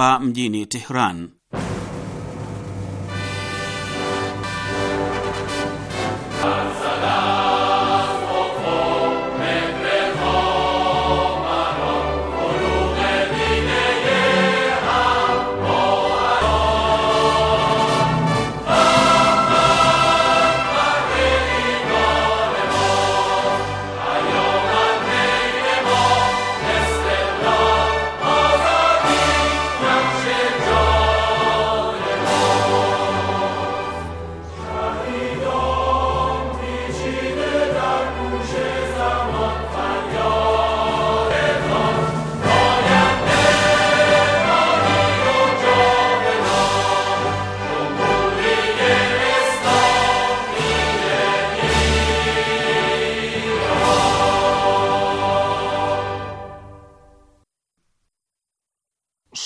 hapa mjini Tehran.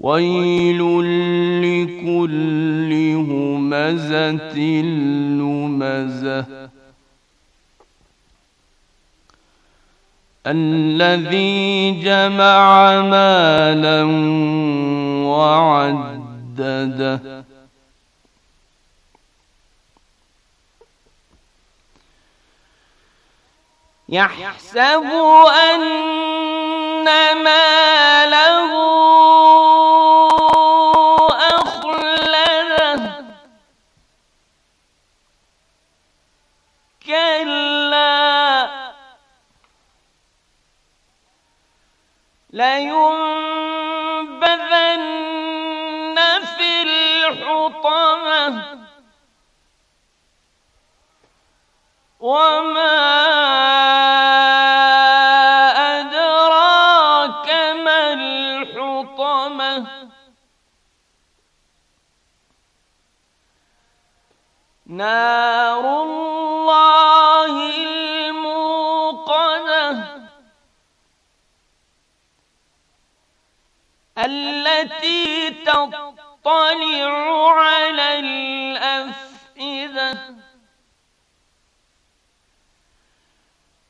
ويل لكل همزه لمزه الذي جمع مالا وعدده يحسب ان مالا وما ادراك ما الحطمه نار الله الموقده التي تطلع على الأفئدة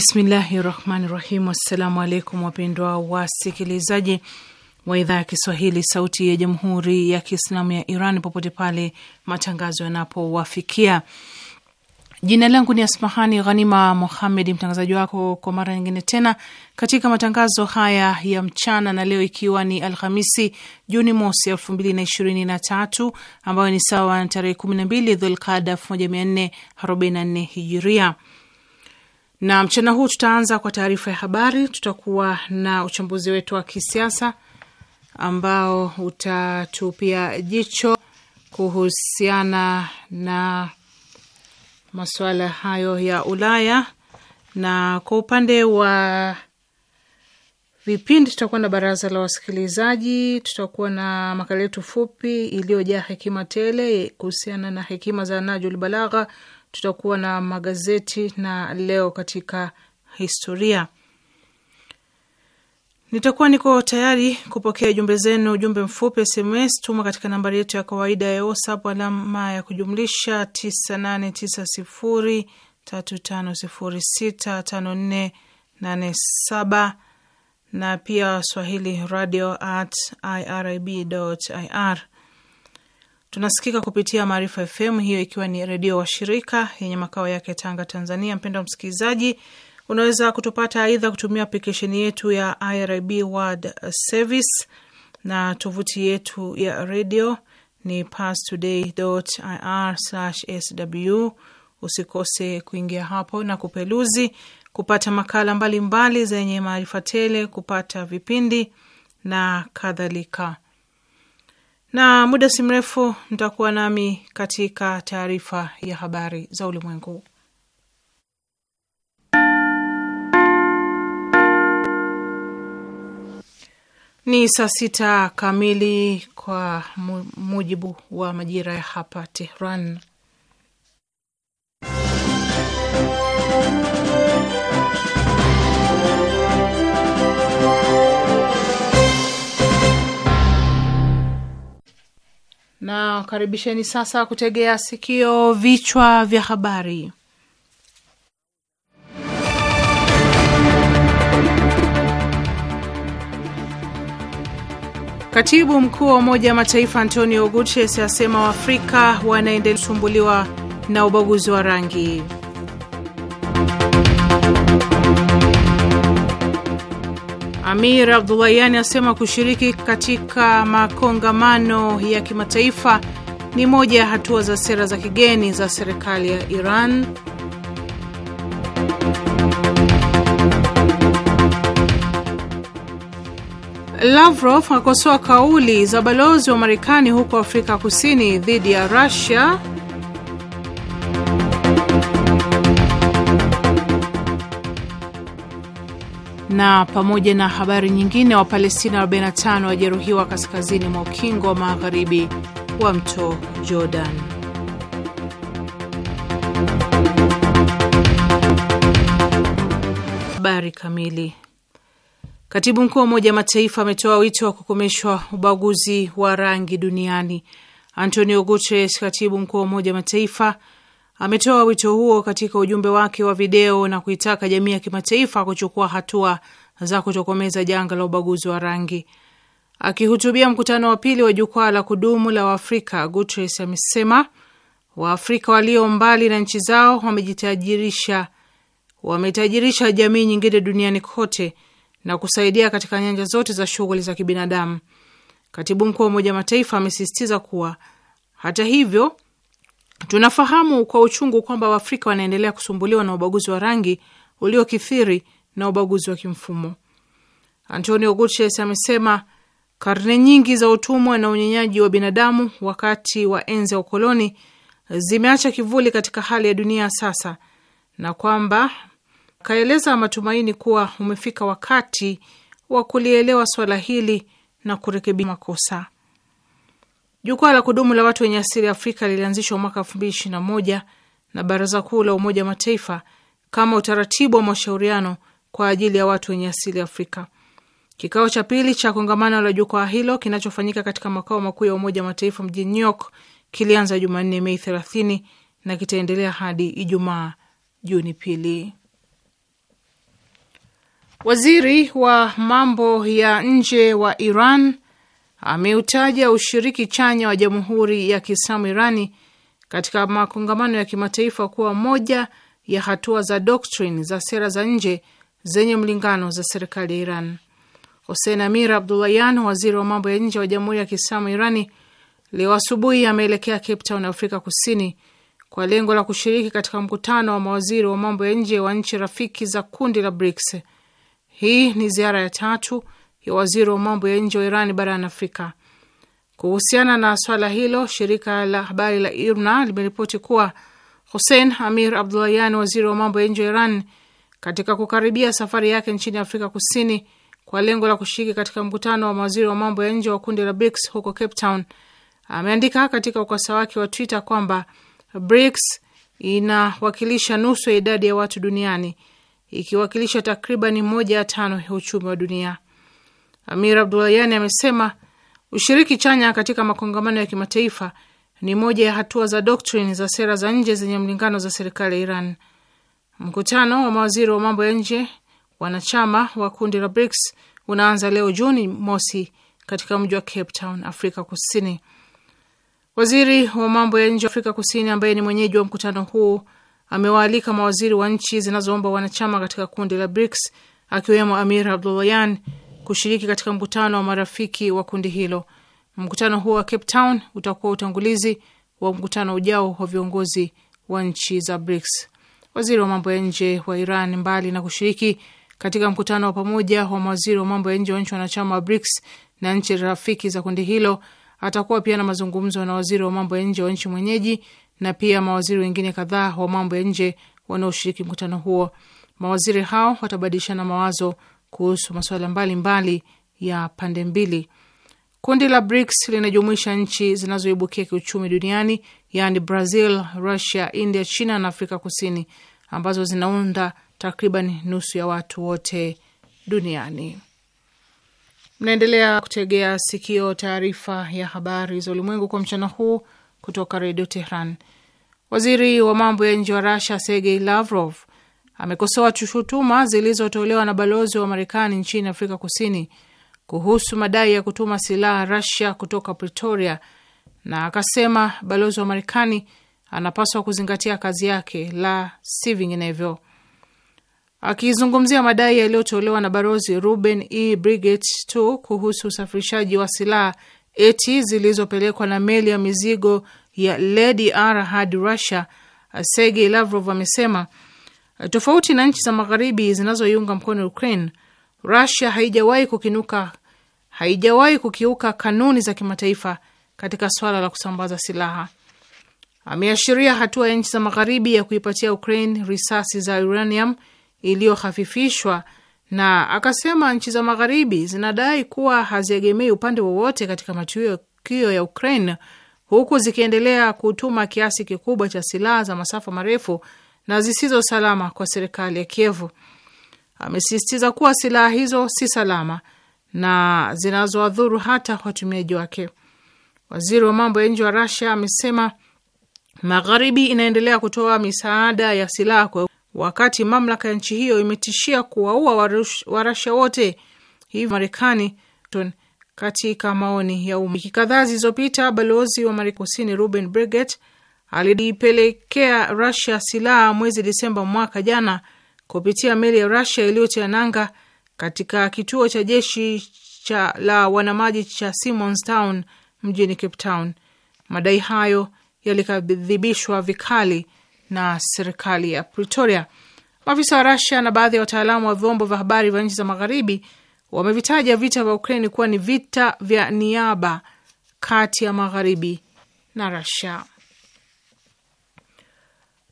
Bismillahi rahmani rahim. Assalamu alaikum wapendwa wasikilizaji wa idhaa ya Kiswahili sauti ya jamhuri ya Kiislamu ya Iran popote pale matangazo yanapowafikia. Jina langu ni Asmahani Ghanima muhammed mtangazaji wako kwa mara nyingine tena katika matangazo haya ya mchana, na leo ikiwa ni Alhamisi Juni mosi elfu mbili na ishirini na tatu ambayo ni sawa na tarehe kumi na mbili Dhulkada elfu moja mia nne arobaini na nne hijiria na mchana huu tutaanza kwa taarifa ya habari. Tutakuwa na uchambuzi wetu wa kisiasa ambao utatupia jicho kuhusiana na masuala hayo ya Ulaya, na kwa upande wa vipindi tutakuwa na baraza la wasikilizaji, tutakuwa na makala yetu fupi iliyojaa hekima tele kuhusiana na hekima za Najul Balagha tutakuwa na magazeti na leo katika historia. Nitakuwa niko tayari kupokea jumbe zenu. Ujumbe mfupi SMS tuma katika nambari yetu ya kawaida ya WhatsApp, alama ya kujumlisha 989035065487 na pia swahili radio at irib ir Tunasikika kupitia Maarifa FM, hiyo ikiwa ni redio washirika yenye makao yake Tanga, Tanzania. mpendo wa msikilizaji, unaweza kutupata aidha kutumia aplikesheni yetu ya IRIB World Service na tovuti yetu ya redio ni pastoday.ir/sw. Usikose kuingia hapo na kupeluzi kupata makala mbalimbali zenye maarifa tele, kupata vipindi na kadhalika na muda si mrefu mtakuwa nami katika taarifa ya habari za ulimwengu. Ni saa sita kamili kwa mujibu wa majira ya hapa Tehran. na karibisheni sasa kutegea sikio vichwa vya habari. Katibu mkuu wa Umoja wa Mataifa Antonio Guterres asema Waafrika wanaendelea kusumbuliwa na ubaguzi wa rangi. Amir Abdulayani asema kushiriki katika makongamano ya kimataifa ni moja ya hatua za sera za kigeni za serikali ya Iran. Lavrov akosoa kauli za balozi wa Marekani huko Afrika Kusini dhidi ya Russia na pamoja na habari nyingine, Wapalestina 45 wajeruhiwa kaskazini mwa ukingo wa magharibi wa mto Jordan. Habari kamili. Katibu mkuu wa Umoja Mataifa ametoa wito wa kukomeshwa ubaguzi wa rangi duniani. Antonio Guterres, katibu mkuu wa Umoja Mataifa ametoa wito huo katika ujumbe wake wa video na kuitaka jamii ya kimataifa kuchukua hatua za kutokomeza janga la ubaguzi wa rangi. Akihutubia mkutano wa pili wa jukwaa la kudumu la Waafrika, Guterres amesema Waafrika walio mbali na nchi zao wamejitajirisha, wametajirisha jamii nyingine duniani kote na kusaidia katika nyanja zote za shughuli za kibinadamu. Katibu mkuu wa Umoja wa Mataifa amesisitiza kuwa hata hivyo Tunafahamu kwa uchungu kwamba Waafrika wanaendelea kusumbuliwa na ubaguzi wa rangi uliokithiri na ubaguzi wa kimfumo. Antonio Guterres amesema karne nyingi za utumwa na unyenyaji wa binadamu wakati wa enzi ya ukoloni zimeacha kivuli katika hali ya dunia sasa, na kwamba kaeleza matumaini kuwa umefika wakati wa kulielewa swala hili na kurekebisha makosa. Jukwaa la kudumu la watu wenye asili ya Afrika lilianzishwa mwaka elfu mbili ishirini na moja na Baraza Kuu la Umoja wa Mataifa kama utaratibu wa mashauriano kwa ajili ya watu wenye asili ya Afrika. Kikao cha pili cha kongamano la jukwaa hilo kinachofanyika katika makao makuu ya Umoja wa Mataifa mjini New York kilianza Jumanne, Mei 30 na kitaendelea hadi Ijumaa, Juni pili. Waziri wa mambo ya nje wa Iran ameutaja ushiriki chanya wa Jamhuri ya Kiislamu Irani katika makongamano ya kimataifa kuwa moja ya hatua za doktrini za sera za nje zenye mlingano za serikali ya Iran. hosen Amir abdulayan waziri wa mambo ya nje wa Jamhuri ya Kiislamu Irani, leo asubuhi ameelekea Cape Town, Afrika Kusini, kwa lengo la kushiriki katika mkutano wa mawaziri wa mambo ya nje wa nchi rafiki za kundi la BRICS. Hii ni ziara ya tatu ya waziri wa mambo ya nje wa Iran barani Afrika. Kuhusiana na swala hilo, shirika la habari la IRNA limeripoti kuwa Hussein Amir abdulayan waziri wa mambo ya nje wa Iran, katika kukaribia safari yake nchini Afrika Kusini kwa lengo la kushiriki katika mkutano wa mawaziri wa mambo ya nje wa kundi la BRICS huko Cape Town, ameandika katika ukurasa wake wa Twitter kwamba BRICS inawakilisha nusu ya idadi ya watu duniani, ikiwakilisha takribani moja ya tano ya uchumi wa dunia. Amir Abdulayani amesema ushiriki chanya katika makongamano ya kimataifa ni moja ya hatua za doktrini za sera za nje zenye mlingano za serikali ya Iran. Mkutano wa mawaziri wa mambo ya nje wanachama wa kundi la BRICS unaanza leo Juni mosi katika mji wa Cape Town, Afrika Kusini. Waziri wa mambo ya nje wa Afrika Kusini ambaye ni mwenyeji wa mkutano huu amewaalika mawaziri wa nchi zinazoomba wanachama katika kundi la BRICS akiwemo Amir Abdullayan kushiriki katika mkutano wa marafiki wa kundi hilo. Mkutano huo wa Cape Town utakuwa utangulizi wa mkutano ujao wa viongozi wa nchi za BRICS. Waziri wa mambo ya nje wa Iran, mbali na kushiriki katika mkutano wa pamoja wa mawaziri wa mambo ya nje wa nchi wanachama wa BRICS na nchi rafiki za kundi hilo, atakuwa pia na mazungumzo na waziri wa mambo ya nje wa nchi mwenyeji na pia mawaziri wengine kadhaa wa mambo ya nje wanaoshiriki mkutano huo. Mawaziri hao watabadilishana mawazo kuhusu masuala mbalimbali ya pande mbili. Kundi la BRICS linajumuisha nchi zinazoibukia kiuchumi duniani, yaani Brazil, Russia, India, China na Afrika Kusini, ambazo zinaunda takriban nusu ya watu wote duniani. Mnaendelea kutegea sikio taarifa ya habari za ulimwengu kwa mchana huu kutoka Redio Tehran. Waziri wa mambo ya nje wa Russia Sergei Lavrov amekosoa shutuma zilizotolewa na balozi wa Marekani nchini Afrika Kusini kuhusu madai ya kutuma silaha Russia kutoka Pretoria, na akasema balozi wa Marekani anapaswa kuzingatia kazi yake, la si vinginevyo. Akizungumzia madai yaliyotolewa na balozi Ruben E Brigett tu kuhusu usafirishaji wa silaha eti zilizopelekwa na meli ya mizigo ya Lady R hadi Russia, Sergey Lavrov amesema Eh, tofauti na nchi za magharibi zinazoiunga mkono Ukraine, Rusia haijawahi kukinuka, haijawahi kukiuka kanuni za kimataifa katika swala la kusambaza silaha. Ameashiria hatua ya nchi za magharibi ya kuipatia Ukraine risasi za uranium iliyohafifishwa na akasema nchi za magharibi zinadai kuwa haziegemei upande wowote katika matukio ya Ukraine, huku zikiendelea kutuma kiasi kikubwa cha silaha za masafa marefu na zisizo salama kwa serikali ya Kievu. Amesisitiza kuwa silaha hizo si salama na zinazowadhuru hata watumiaji wake. Waziri wa mambo ya nje wa Rasia amesema Magharibi inaendelea kutoa misaada ya silaha kwa wakati mamlaka ya nchi hiyo imetishia kuwaua Warasha wote hivi Marekani. Katika maoni ya wiki kadhaa zilizopita, balozi wa Marekani kusini Ruben Breget aliipelekea Rusia silaha mwezi Disemba mwaka jana kupitia meli ya Rusia iliyotia nanga katika kituo cha jeshi cha la wanamaji cha Simonstown mjini Cape Town. Madai hayo yalikadhibishwa vikali na serikali ya Pretoria. Maafisa wa Rusia na baadhi ya wataalamu wa vyombo vya habari vya nchi za magharibi wamevitaja vita vya Ukraini kuwa ni vita vya niaba kati ya magharibi na Rusia.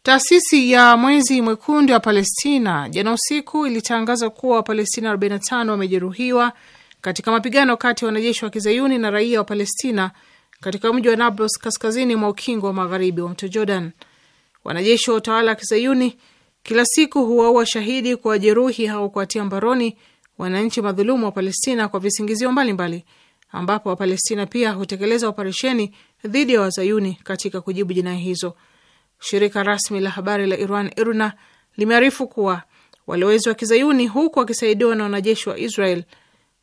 Taasisi ya Mwezi Mwekundu ya Palestina jana usiku ilitangaza kuwa Wapalestina 45 wamejeruhiwa katika mapigano kati ya wanajeshi wa kizayuni na raia wa Palestina katika mji wa Nablus kaskazini mwa ukingo wa magharibi wa mto Jordan. Wanajeshi wa utawala wa kizayuni kila siku huwaua shahidi, wajeruhi au kuwatia mbaroni wananchi madhulumu wa Palestina kwa visingizio mbalimbali, ambapo Wapalestina pia hutekeleza operesheni dhidi ya wazayuni katika kujibu jinai hizo. Shirika rasmi la habari la Iran, IRNA, limearifu kuwa walowezi wa kizayuni huku wakisaidiwa na wanajeshi wa Israel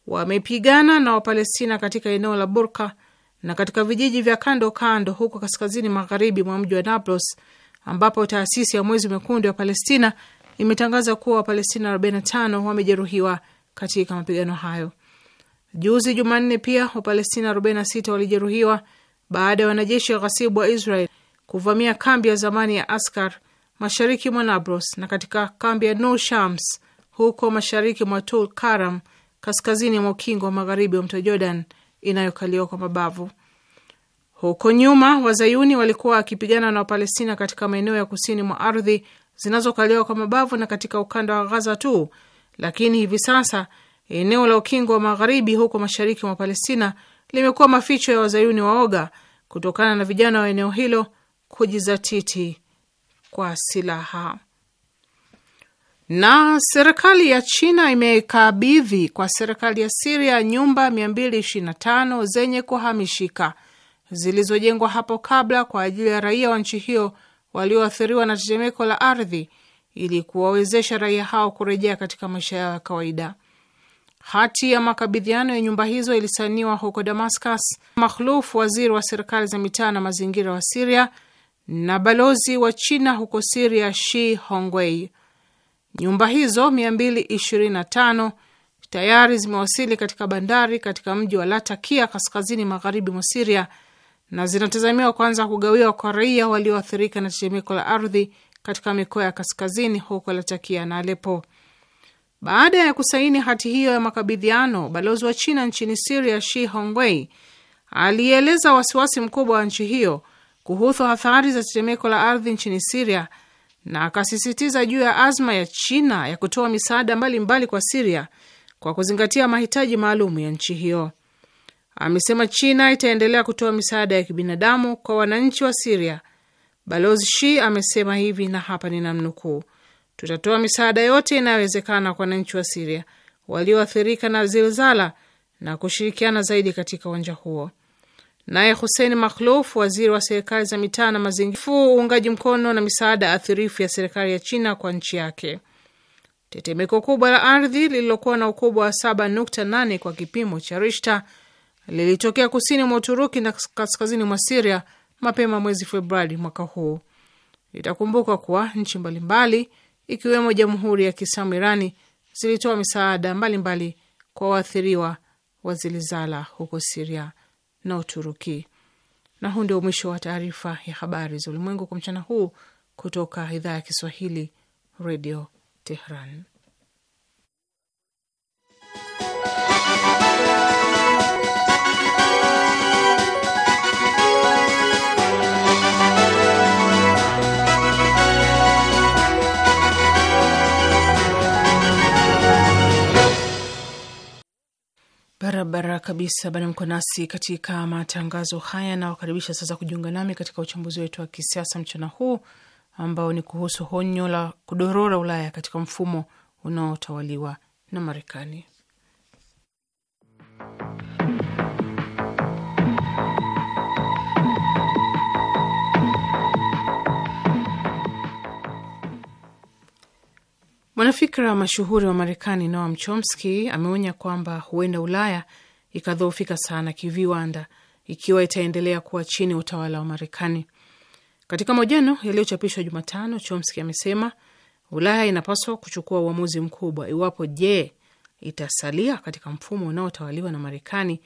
wamepigana na Wapalestina katika eneo la Burka na katika vijiji vya kando kando huko kaskazini magharibi mwa mji wa Nablus, ambapo taasisi ya Mwezi Mwekundu ya Palestina imetangaza kuwa Wapalestina 45 wamejeruhiwa katika mapigano hayo. Juzi Jumanne pia Wapalestina 46 walijeruhiwa baada ya wanajeshi wa ghasibu wa Israel kuvamia kambi ya zamani ya Askar mashariki mwa Nabros na katika kambi ya Nur Shams huko mashariki mwa Tul Karam kaskazini mwa ukingo wa magharibi wa mto Jordan inayokaliwa kwa mabavu. Huko nyuma wazayuni walikuwa wakipigana na Wapalestina katika maeneo ya kusini mwa ardhi zinazokaliwa kwa mabavu na katika ukanda wa Ghaza tu, lakini hivi sasa eneo la ukingo wa magharibi huko mashariki mwa Palestina limekuwa maficho ya wazayuni waoga kutokana na vijana wa eneo hilo kujizatiti kwa silaha. Na serikali ya China imekabidhi kwa serikali ya Siria nyumba 225 zenye kuhamishika zilizojengwa hapo kabla kwa ajili ya raia wa nchi hiyo walioathiriwa na tetemeko la ardhi ili kuwawezesha raia hao kurejea katika maisha yao ya kawaida. Hati ya makabidhiano ya nyumba hizo ilisainiwa huko Damascus. Makhluf, waziri wa serikali za mitaa na mazingira wa Siria, na balozi wa China huko Siria Shi Hongwei. Nyumba hizo 225 tayari zimewasili katika bandari katika mji wa Latakia kaskazini magharibi mwa Siria na zinatazamiwa kuanza kugawiwa kwa raia walioathirika na tetemeko la ardhi katika mikoa ya kaskazini huko Latakia na Alepo. Baada ya kusaini hati hiyo ya makabidhiano, balozi wa China nchini Siria Shi Hongwei alieleza wasiwasi mkubwa wa nchi hiyo kuhusu athari za tetemeko la ardhi nchini Siria na akasisitiza juu ya azma ya China ya kutoa misaada mbalimbali kwa Siria kwa kuzingatia mahitaji maalum ya nchi hiyo. Amesema China itaendelea kutoa misaada ya kibinadamu kwa wananchi wa Siria. Balozi Shi amesema hivi, na hapa ninamnukuu: tutatoa misaada yote inayowezekana kwa wananchi wa Siria walioathirika na zilzala na kushirikiana zaidi katika uwanja huo. Naye Hussein Makhlouf, waziri wa serikali za mitaa na mazingira, uungaji mkono na misaada athirifu ya serikali ya China kwa nchi yake. Tetemeko kubwa la ardhi lililokuwa na ukubwa wa 7.8 kwa kipimo cha Richter lilitokea kusini mwa Uturuki na kaskazini mwa Siria mapema mwezi Februari mwaka huu. Itakumbuka kuwa nchi mbalimbali ikiwemo Jamhuri ya Kiislamu Irani zilitoa misaada mbalimbali mbali kwa waathiriwa wa zilizala huko Siria na Uturuki. Na huu ndio mwisho wa taarifa ya habari za ulimwengu kwa mchana huu kutoka idhaa ya Kiswahili, Redio Tehran. Barabara kabisa. Bado mko nasi katika matangazo haya, nawakaribisha sasa kujiunga nami katika uchambuzi wetu wa kisiasa mchana huu ambao ni kuhusu honyo la kudorora Ulaya katika mfumo unaotawaliwa na Marekani. Mwanafikra mashuhuri wa Marekani Noam Chomsky ameonya kwamba huenda Ulaya ikadhoofika sana kiviwanda ikiwa itaendelea kuwa chini ya utawala wa Marekani. Katika mahojiano yaliyochapishwa Jumatano, Chomsky amesema Ulaya inapaswa kuchukua uamuzi mkubwa iwapo je, itasalia katika mfumo unaotawaliwa na Marekani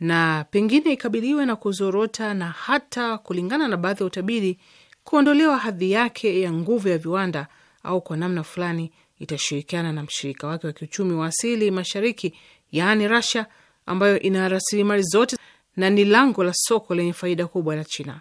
na pengine ikabiliwe na kuzorota na hata kulingana na baadhi ya utabiri kuondolewa hadhi yake ya nguvu ya viwanda au kwa namna fulani itashirikiana na mshirika wake wa kiuchumi wa asili mashariki, yaani Russia, ambayo ina rasilimali zote na ni lango la soko lenye faida kubwa la China.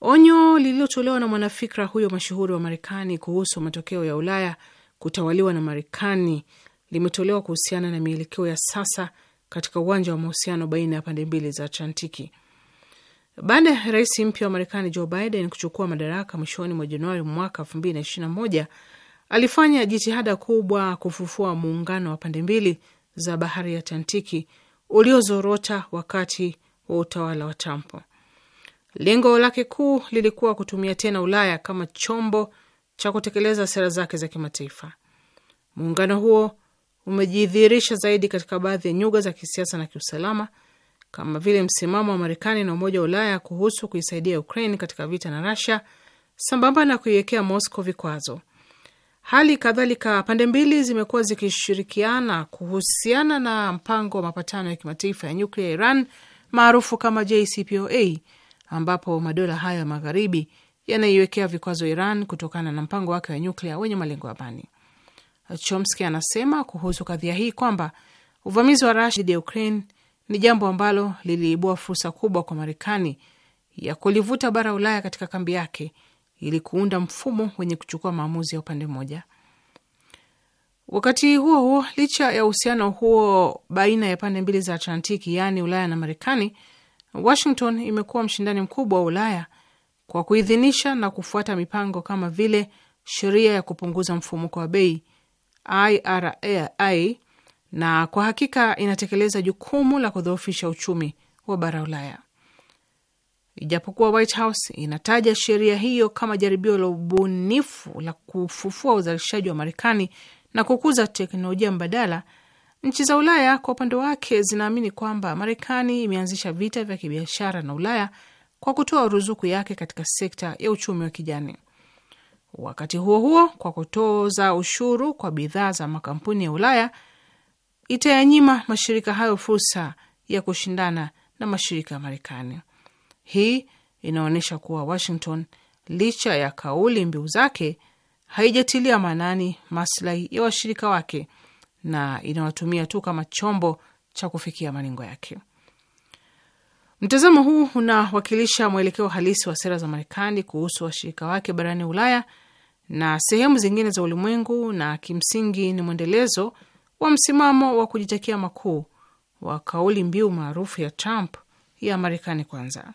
Onyo lililotolewa na mwanafikra huyo mashuhuri wa Marekani kuhusu matokeo ya Ulaya kutawaliwa na Marekani limetolewa kuhusiana na mielekeo ya sasa katika uwanja wa mahusiano baina ya pande mbili za Atlantiki. Baada ya rais mpya wa Marekani Joe Biden kuchukua madaraka mwishoni mwa Januari mwaka 2021 alifanya jitihada kubwa kufufua muungano wa pande mbili za bahari ya Atlantiki uliozorota wakati wa utawala wa Trump. Lengo lake kuu lilikuwa kutumia tena Ulaya kama chombo cha kutekeleza sera zake za kimataifa. Muungano huo umejidhihirisha zaidi katika baadhi ya nyuga za kisiasa na kiusalama kama vile msimamo wa Marekani na Umoja wa Ulaya kuhusu kuisaidia Ukraine katika vita na Russia, sambamba na kuiwekea Moscow vikwazo Hali kadhalika pande mbili zimekuwa zikishirikiana kuhusiana na mpango wa mapatano ya kimataifa ya nyuklia ya Iran maarufu kama JCPOA, ambapo madola hayo ya magharibi yanaiwekea vikwazo Iran kutokana na mpango wake wa nyuklia wenye malengo ya bani. Chomsky anasema kuhusu kadhia hii kwamba uvamizi wa Rusia dhidi ya Ukraine ni jambo ambalo liliibua fursa kubwa kwa Marekani ya kulivuta bara Ulaya katika kambi yake ili kuunda mfumo wenye kuchukua maamuzi ya upande mmoja. Wakati huo huo, licha ya uhusiano huo baina ya pande mbili za Atlantiki, yaani Ulaya na Marekani, Washington imekuwa mshindani mkubwa wa Ulaya kwa kuidhinisha na kufuata mipango kama vile sheria ya kupunguza mfumuko wa bei IRAI, na kwa hakika inatekeleza jukumu la kudhoofisha uchumi wa bara Ulaya. Ijapokuwa White House inataja sheria hiyo kama jaribio la ubunifu la kufufua uzalishaji wa Marekani na kukuza teknolojia mbadala, nchi za Ulaya kwa upande wake zinaamini kwamba Marekani imeanzisha vita vya kibiashara na Ulaya kwa kutoa ruzuku yake katika sekta ya uchumi wa kijani. Wakati huo huo, kwa kutoza ushuru kwa bidhaa za makampuni ya Ulaya itayanyima mashirika hayo fursa ya kushindana na mashirika ya Marekani. Hii inaonyesha kuwa Washington, licha ya kauli mbiu zake, haijatilia maanani maslahi ya washirika wake na inawatumia tu kama chombo cha kufikia malengo yake. Mtazamo huu unawakilisha mwelekeo halisi wa sera za Marekani kuhusu washirika wake barani Ulaya na sehemu zingine za ulimwengu, na kimsingi ni mwendelezo wa msimamo wa kujitakia makuu wa kauli mbiu maarufu ya Trump ya Marekani kwanza.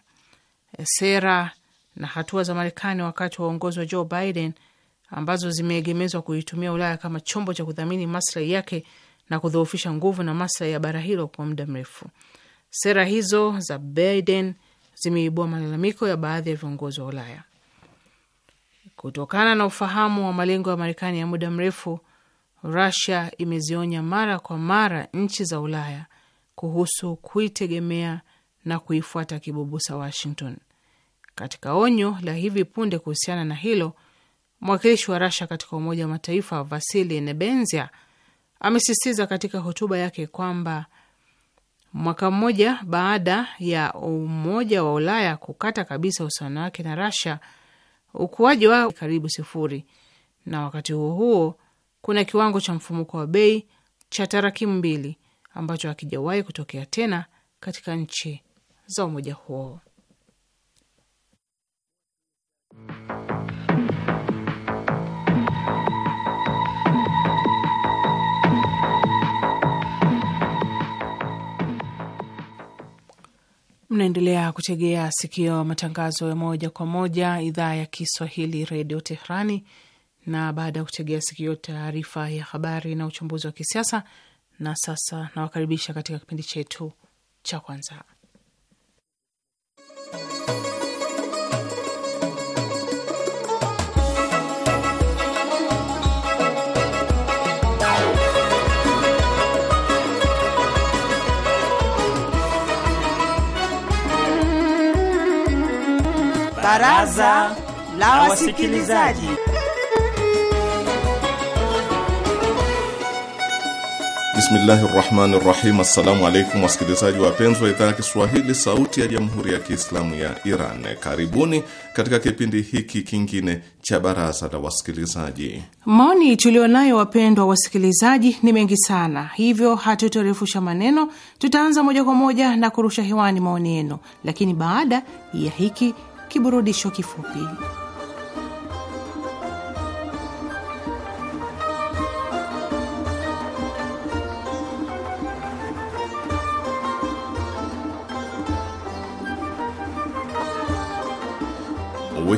Eh, sera na hatua za Marekani wakati wa uongozi wa Joe Biden ambazo zimeegemezwa kuitumia Ulaya kama chombo cha kudhamini maslahi yake na kudhoofisha nguvu na maslahi ya bara hilo kwa muda mrefu. Sera hizo za Biden zimeibua malalamiko ya baadhi ya viongozi wa Ulaya kutokana na ufahamu wa malengo ya Marekani ya muda mrefu. Rusia imezionya mara kwa mara nchi za Ulaya kuhusu kuitegemea na kuifuata kibubusa Washington. Katika onyo la hivi punde kuhusiana na hilo, mwakilishi wa Rasha katika Umoja wa Mataifa Vasili Nebenzia amesisitiza katika hotuba yake kwamba mwaka mmoja baada ya Umoja wa Ulaya kukata kabisa uhusiano wake na Rasha, ukuaji wao karibu sifuri, na wakati huo huo kuna kiwango cha mfumuko wa bei cha tarakimu mbili ambacho hakijawahi kutokea tena katika nchi za umoja huo. Mnaendelea kutegea sikio matangazo ya moja kwa moja idhaa ya Kiswahili redio Tehrani. Na baada ya kutegea sikio taarifa ya habari na uchambuzi wa kisiasa, na sasa nawakaribisha katika kipindi chetu cha kwanza Baraza la Wasikilizaji. Bismillahi rahmani rahim. Assalamu alaikum wasikilizaji wapenzi wa idhaa ya Kiswahili sauti ya jamhuri ya Kiislamu ya Iran, karibuni katika kipindi hiki kingine cha baraza la wasikilizaji. Maoni tulionayo wapendwa wasikilizaji ni mengi sana, hivyo hatutorefusha maneno. Tutaanza moja kwa moja na kurusha hewani maoni yenu, lakini baada ya hiki kiburudisho kifupi.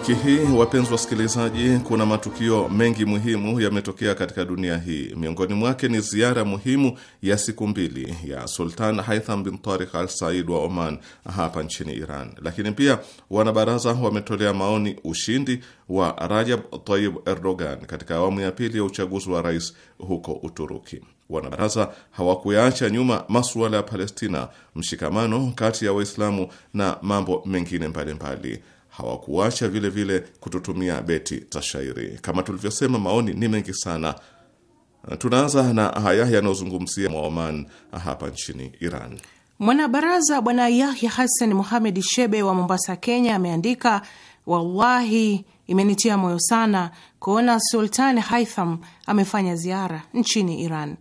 wiki hii, wapenzi wasikilizaji, kuna matukio mengi muhimu yametokea katika dunia hii. Miongoni mwake ni ziara muhimu ya siku mbili ya Sultan Haitham bin Tarik Al Said wa Oman hapa nchini Iran, lakini pia wanabaraza wametolea maoni ushindi wa Rajab Tayyip Erdogan katika awamu ya pili ya uchaguzi wa rais huko Uturuki. Wanabaraza hawakuyaacha nyuma masuala ya Palestina, mshikamano kati ya Waislamu na mambo mengine mbalimbali mbali hawakuacha vile vile kututumia beti za shairi. Kama tulivyosema, maoni ni mengi sana. Tunaanza na haya yanayozungumzia Oman hapa nchini Iran. Mwanabaraza Bwana Yahya Hassan Muhamed Shebe wa Mombasa, Kenya, ameandika wallahi, imenitia moyo sana kuona Sultan Haitham amefanya ziara nchini Iran.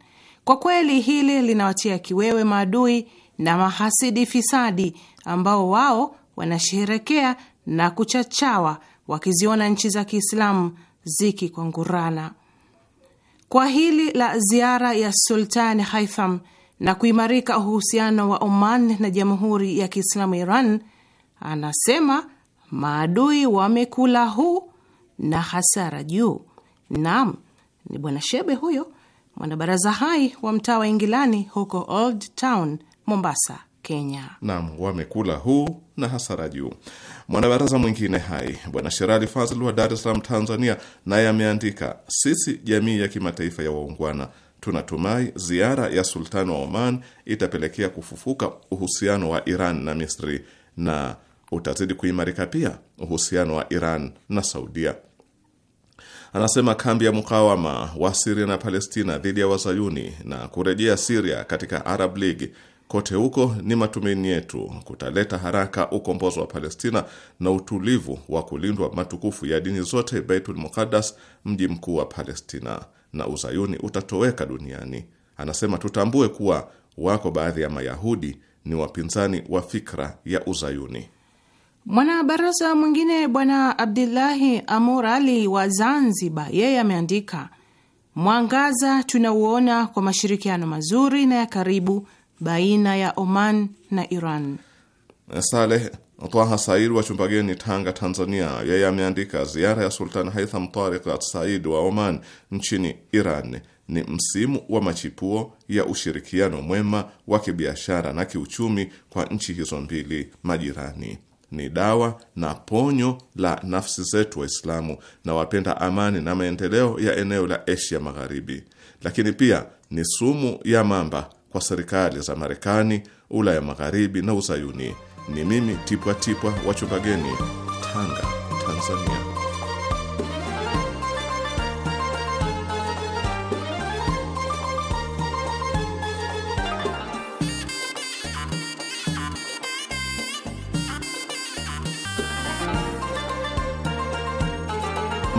Kwa kweli hili linawatia kiwewe maadui na mahasidi fisadi ambao wao wanasheherekea na kuchachawa wakiziona nchi za Kiislamu zikikwangurana. Kwa hili la ziara ya Sultani Haitham na kuimarika uhusiano wa Oman na Jamhuri ya Kiislamu Iran, anasema maadui wamekula huu na hasara juu. Naam, ni Bwana Shebe huyo mwanabaraza hai wa mtaa wa Ingilani huko Old Town, Mombasa, Kenya. Naam, wamekula huu na hasara juu. Mwanabaraza mwingine hai Bwana Sherali Fazl wa Dar es Salaam, Tanzania, naye ameandika, sisi jamii ya kimataifa ya waungwana tunatumai ziara ya sultan wa Oman itapelekea kufufuka uhusiano wa Iran na Misri na utazidi kuimarika pia uhusiano wa Iran na Saudia. Anasema kambi ya mukawama wa Siria na Palestina dhidi ya Wazayuni na kurejea Siria katika Arab League Kote huko ni matumaini yetu kutaleta haraka ukombozi wa Palestina na utulivu wa kulindwa matukufu ya dini zote Baitul Muqaddas, mji mkuu wa Palestina, na uzayuni utatoweka duniani. Anasema tutambue kuwa wako baadhi ya Mayahudi ni wapinzani wa fikra ya uzayuni. Mwanabaraza mwingine Bwana Abdullahi Amur Ali wa Zanzibar, yeye ameandika, mwangaza tunauona kwa mashirikiano mazuri na ya karibu baina ya Oman na Iran. Eh, Saleh Twaha Said wa Chumbageni, Tanga, Tanzania, yeye ameandika ziara ya Sultan Haitham Tariq Said wa Oman nchini Iran ni msimu wa machipuo ya ushirikiano mwema wa kibiashara na kiuchumi kwa nchi hizo mbili majirani. Ni dawa na ponyo la nafsi zetu Waislamu na wapenda amani na maendeleo ya eneo la Asia Magharibi, lakini pia ni sumu ya mamba kwa serikali za Marekani, Ulaya Magharibi na Uzayuni. Ni mimi Tipwa Tipwa wa chumbageni Tanga, Tanzania.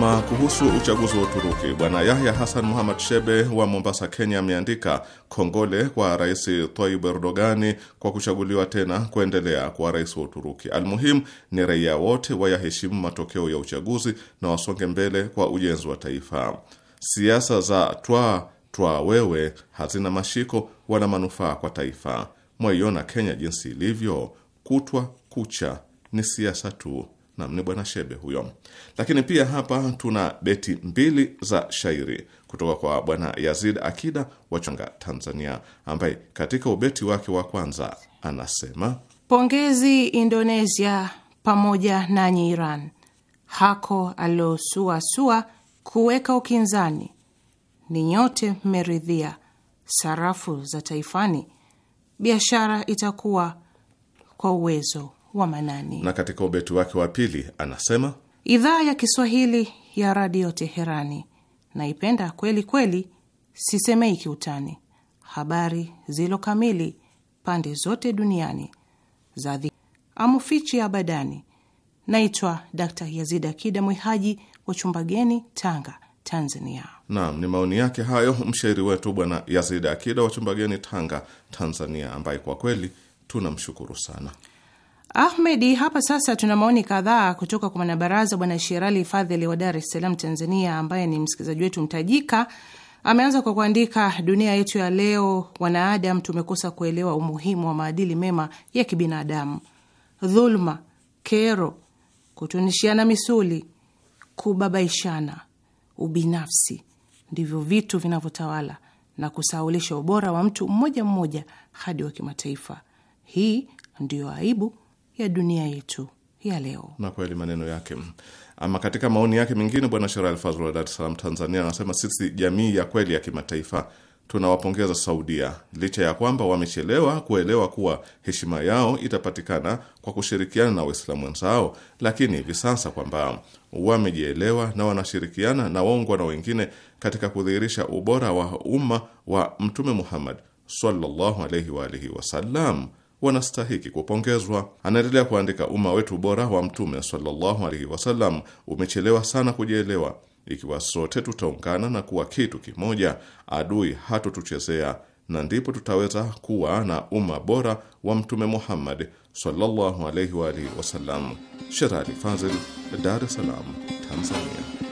Mahakama kuhusu uchaguzi wa Uturuki, Bwana Yahya Hassan Muhammad Shebe wa Mombasa, Kenya, ameandika kongole kwa Rais Tayyip Erdogani kwa kuchaguliwa tena kuendelea kwa rais wa Uturuki. Almuhimu ni raia wote wayaheshimu matokeo ya uchaguzi na wasonge mbele kwa ujenzi wa taifa. Siasa za twa twa wewe hazina mashiko wala manufaa kwa taifa. Mwaiona Kenya jinsi ilivyo, kutwa kucha ni siasa tu. Nam, ni bwana Shebe huyo. Lakini pia hapa tuna beti mbili za shairi kutoka kwa bwana Yazid Akida wa Chonga, Tanzania, ambaye katika ubeti wake wa kwanza anasema: pongezi Indonesia pamoja nanyi Iran, hako aliosuasua kuweka ukinzani, ni nyote mmeridhia sarafu za taifani, biashara itakuwa kwa uwezo wa Manani. Na katika ubeti wake wa pili anasema, idhaa ya Kiswahili ya Radio Teherani naipenda kweli kweli, sisemei kiutani, habari zilo kamili pande zote duniani, zadhi amufichi abadani. Naitwa d Yazid Akida Mwihaji wa Chumbageni, Tanga, Tanzania. Naam, ni maoni yake hayo mshairi wetu Bwana Yazid Akida wa Chumbageni, Tanga, Tanzania, ambaye kwa kweli tunamshukuru sana. Ahmedi, hapa sasa tuna maoni kadhaa kutoka kwa mwanabaraza Bwana Shirali Fadhili wa Dar es Salaam, Tanzania, ambaye ni msikilizaji wetu mtajika. Ameanza kwa kuandika, dunia yetu ya leo, wanaadam tumekosa kuelewa umuhimu wa maadili mema ya kibinadamu. Dhuluma, kero, kutunishiana misuli, kubabaishana, ubinafsi ndivyo vitu vinavyotawala na kusaulisha ubora wa mtu mmoja mmoja hadi wa kimataifa. Hii ndiyo aibu ya dunia yetu ya leo. Na kweli maneno yake. Ama katika maoni yake mengine, Bwana Shera Alfazl wa Dar es Salaam, Tanzania, anasema sisi jamii ya kweli ya kimataifa tunawapongeza Saudia licha ya kwamba wamechelewa kuelewa kuwa heshima yao itapatikana kwa kushirikiana na Waislamu wenzao, lakini hivi sasa kwamba wamejielewa na wanashirikiana na waungwana wengine katika kudhihirisha ubora wa umma wa Mtume Muhammad sallallahu alaihi wa alihi wasallam wanastahiki kupongezwa. Anaendelea kuandika, umma wetu bora wa Mtume sallallahu alaihi wasallam umechelewa sana kujielewa. Ikiwa sote tutaungana na kuwa kitu kimoja, adui hatotuchezea na ndipo tutaweza kuwa na umma bora wa Mtume Muhammad sallallahu alaihi wa wasallam. Sherali Fazil, Dar es Salaam, Tanzania.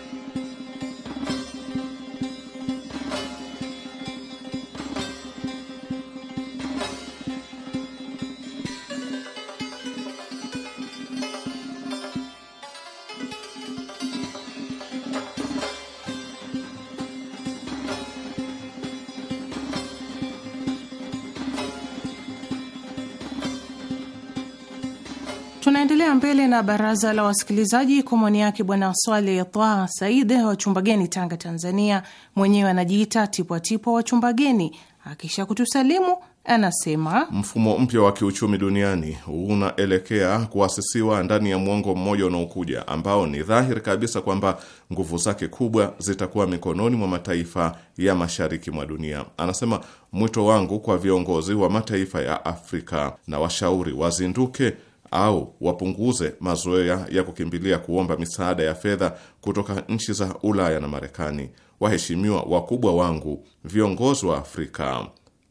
tena baraza la wasikilizaji kwa maoni yake Bwana Swale Twaha Said wa Chumbageni, Tanga, Tanzania. Mwenyewe anajiita Tipwatipwa wa Chumbageni. Akisha kutusalimu anasema mfumo mpya wa kiuchumi duniani unaelekea kuasisiwa ndani ya mwongo mmoja unaokuja, ambao ni dhahiri kabisa kwamba nguvu zake kubwa zitakuwa mikononi mwa mataifa ya mashariki mwa dunia. Anasema, mwito wangu kwa viongozi wa mataifa ya Afrika na washauri wazinduke au wapunguze mazoea ya kukimbilia kuomba misaada ya fedha kutoka nchi za Ulaya na Marekani. Waheshimiwa wakubwa wangu, viongozi wa Afrika,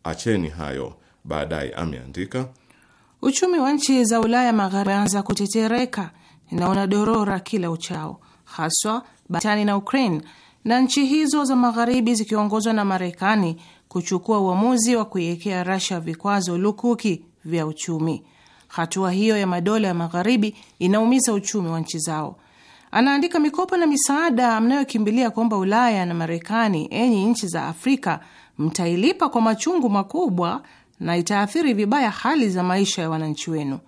acheni hayo. Baadaye ameandika, uchumi wa nchi za Ulaya Magharibi anza kutetereka na unadorora kila uchao, haswa Batani na Ukraine, na nchi hizo za magharibi zikiongozwa na Marekani kuchukua uamuzi wa kuiwekea Rasha vikwazo lukuki vya uchumi. Hatua hiyo ya madola ya magharibi inaumiza uchumi wa nchi zao. Anaandika, mikopo na misaada mnayokimbilia kuomba Ulaya na Marekani, enyi nchi za Afrika, mtailipa kwa machungu makubwa na itaathiri vibaya hali za maisha ya wananchi wenu.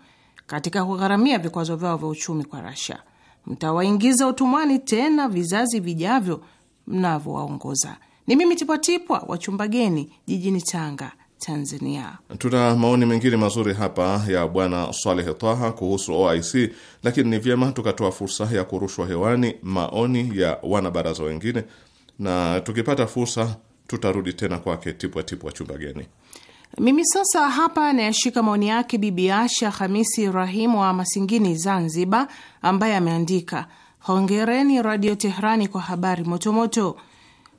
Katika kugharamia vikwazo vyao vya uchumi kwa rasia mtawaingiza utumwani tena vizazi vijavyo mnavyowaongoza. Ni mimi Tipwatipwa wa Chumbageni, jijini Tanga. Tanzania. Tuna maoni mengine mazuri hapa ya Bwana Saleh Taha kuhusu OIC, lakini ni vyema tukatoa fursa ya kurushwa hewani maoni ya wanabaraza wengine, na tukipata fursa tutarudi tena kwake tipwa tipwa chumba geni. Mimi sasa hapa nayashika maoni yake Bibi Asha Hamisi Rahimu wa Masingini, Zanzibar, ambaye ameandika hongereni Radio Teherani kwa habari motomoto moto.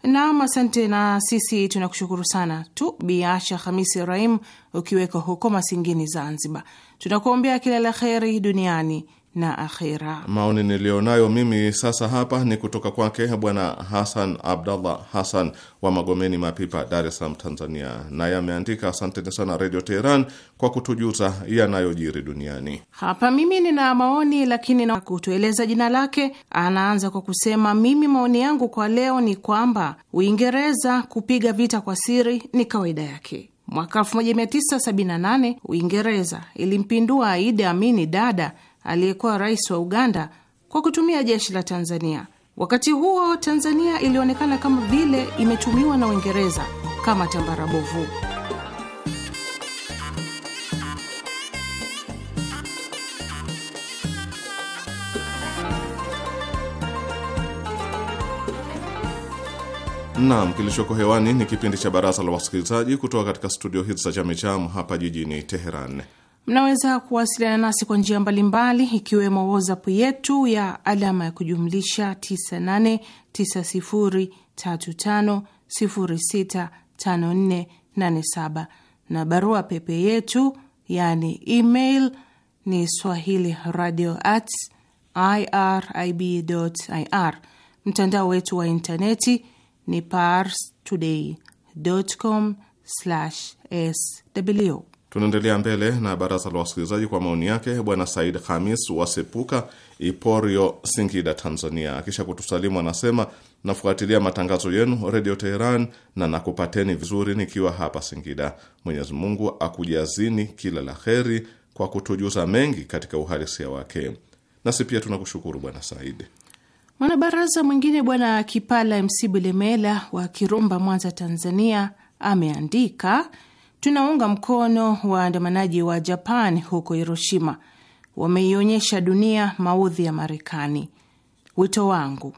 Naam, asante. Na sisi tunakushukuru sana tu Biasha Hamisi Rahim, ukiweko huko Masingini, Zanzibar. Tunakuombea kila la kheri duniani na akhira. Maoni niliyonayo mimi sasa hapa ni kutoka kwake Bwana Hasan Abdallah Hasan wa Magomeni Mapipa, Dar es Salaam, Tanzania, naye ameandika asanteni sana Redio Teheran kwa kutujuza yanayojiri duniani. Hapa mimi nina maoni lakini na kutueleza jina lake. Anaanza kwa kusema, mimi maoni yangu kwa leo ni kwamba Uingereza kupiga vita kwa siri ni kawaida yake. Mwaka 1978 Uingereza ilimpindua Idi Amini Dada aliyekuwa rais wa Uganda kwa kutumia jeshi la Tanzania. Wakati huo Tanzania ilionekana kama vile imetumiwa na Uingereza kama tambara bovu. Naam, kilichoko hewani ni kipindi cha Baraza la Wasikilizaji kutoka katika studio hizi za Chamicham hapa jijini Teheran. Mnaweza kuwasiliana nasi kwa njia mbalimbali, ikiwemo WhatsApp yetu ya alama ya kujumlisha 989035065487 na barua pepe yetu yani email ni swahili radio at irib ir. Mtandao wetu wa intaneti ni pars today com sw Tunaendelea mbele na baraza la wasikilizaji kwa maoni yake Bwana Said Khamis Wasepuka, Iporio, Singida, Tanzania. Akisha kutusalimu anasema nafuatilia matangazo yenu Redio Teheran na nakupateni vizuri nikiwa hapa Singida. Mwenyezi Mungu akujazini kila la heri kwa kutujuza mengi katika uhalisia wake. Nasi pia tunakushukuru Bwana Said. Mwanabaraza mwingine Bwana Kipala MC Bulemela wa Kirumba, Mwanza, Tanzania ameandika Tunaunga mkono waandamanaji wa Japan huko Hiroshima, wameionyesha dunia maudhi ya Marekani. Wito wangu,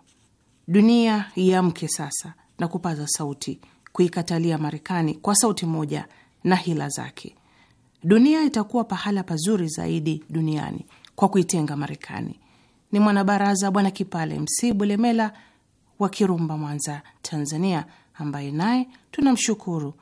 dunia iamke sasa na kupaza sauti kuikatalia Marekani kwa sauti moja na hila zake. Dunia itakuwa pahala pazuri zaidi duniani kwa kuitenga Marekani. Ni mwanabaraza Bwana Kipale Msi Bulemela wa Kirumba, Mwanza, Tanzania, ambaye naye tunamshukuru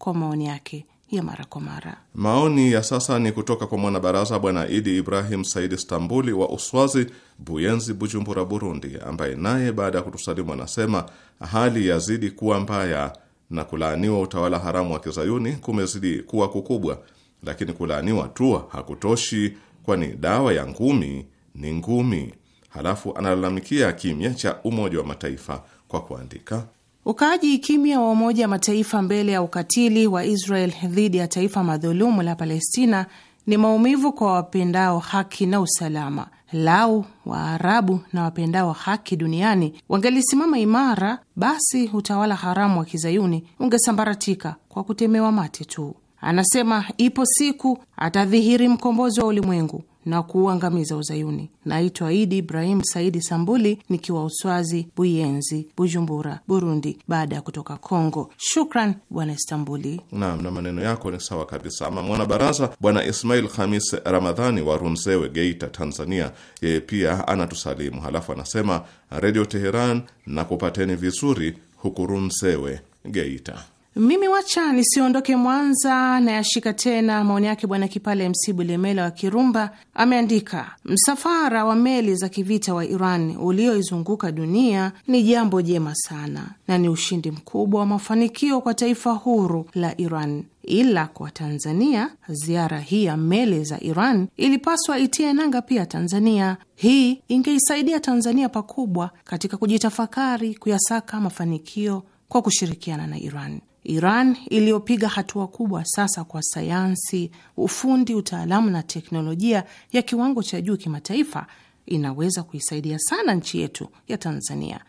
kwa maoni yake ya mara kwa mara. Maoni ya sasa ni kutoka kwa mwanabaraza Bwana Idi Ibrahim Saidi Stambuli wa Uswazi Buyenzi, Bujumbura, Burundi, ambaye naye baada ya kutusalimu anasema hali yazidi kuwa mbaya na kulaaniwa utawala haramu wa kizayuni kumezidi kuwa kukubwa, lakini kulaaniwa tu hakutoshi, kwani dawa ya ngumi ni ngumi. Halafu analalamikia kimya cha Umoja wa Mataifa kwa kuandika Ukaaji kimya wa Umoja Mataifa mbele ya ukatili wa Israel dhidi ya taifa madhulumu la Palestina ni maumivu kwa wapendao haki na usalama. Lau Waarabu na wapendao haki duniani wangelisimama imara, basi utawala haramu wa kizayuni ungesambaratika kwa kutemewa mate tu. Anasema ipo siku atadhihiri mkombozi wa ulimwengu na kuuangamiza Uzayuni. Naitwa Idi Ibrahim Saidi Sambuli nikiwa Uswazi Buyenzi, Bujumbura, Burundi, baada ya kutoka Kongo. Shukran Bwana Istambuli. Naam, na maneno yako ni sawa kabisa. Ama mwanabaraza Bwana Ismail Khamis Ramadhani wa Runzewe, Geita, Tanzania, yeye pia anatusalimu, halafu anasema Redio Teheran na kupateni vizuri huku Runzewe, Geita. Mimi wacha nisiondoke Mwanza. Nayashika tena maoni yake Bwana Kipale MC Bulemela wa Kirumba, ameandika msafara wa meli za kivita wa Iran ulioizunguka dunia ni jambo jema sana na ni ushindi mkubwa wa mafanikio kwa taifa huru la Iran, ila kwa Tanzania ziara hii ya meli za Iran ilipaswa itie nanga pia Tanzania. Hii ingeisaidia Tanzania pakubwa katika kujitafakari, kuyasaka mafanikio kwa kushirikiana na Iran. Iran iliyopiga hatua kubwa sasa kwa sayansi, ufundi, utaalamu na teknolojia ya kiwango cha juu kimataifa inaweza kuisaidia sana nchi yetu ya Tanzania.